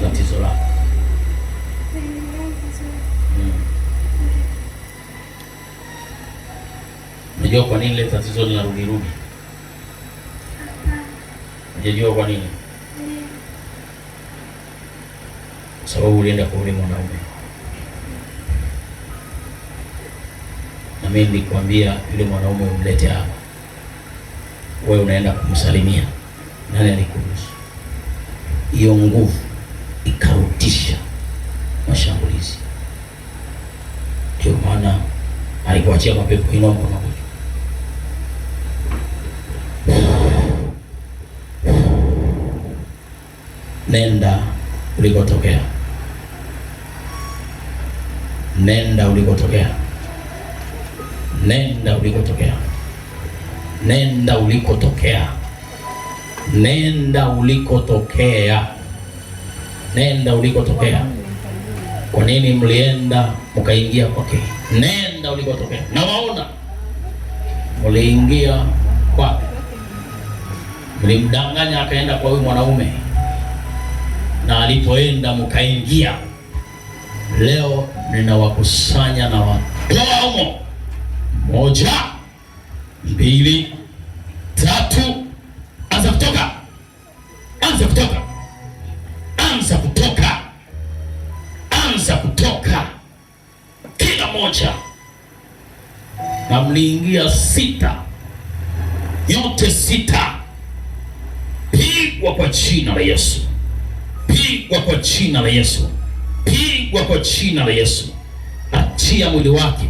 tatizo lako. Hmm. Unajua kwa nini ile tatizo linarudi rudi? Unajua kwa nini? Kwa sababu ulienda kwa ule mwanaume, na mimi nilikwambia yule mwanaume umlete hapa, wewe unaenda kumsalimia. Nani alikuruhusu hiyo nguvu ikautisha mashambulizi. Ndio maana alipoachia mapepo Hinoko nenda ulikotokea, nenda ulikotokea, nenda ulikotokea, nenda ulikotokea, nenda ulikotokea nenda ulikotokea. Kwa nini mlienda mkaingia kwake? Nenda ulikotokea, nawaona mliingia kwake, mlimdanganya akaenda kwa huyu mwanaume, na alipoenda mkaingia. Leo ninawakusanya na watomo moja, mbili, tatu, anza kutoka, anza kutoka. mliweza kutoka kila moja, na mliingia sita, yote sita. Pigwa kwa jina la Yesu, pigwa kwa jina la Yesu, pigwa kwa jina la Yesu. Achia mwili wake,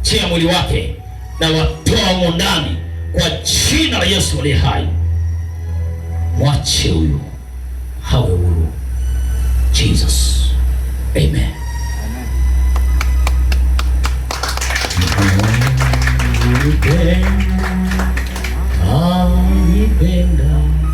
achia mwili wake na watoa humo ndani kwa jina la Yesu aliye hai. Mwache huyu hawe huru. Jesus. Amen. I've been down.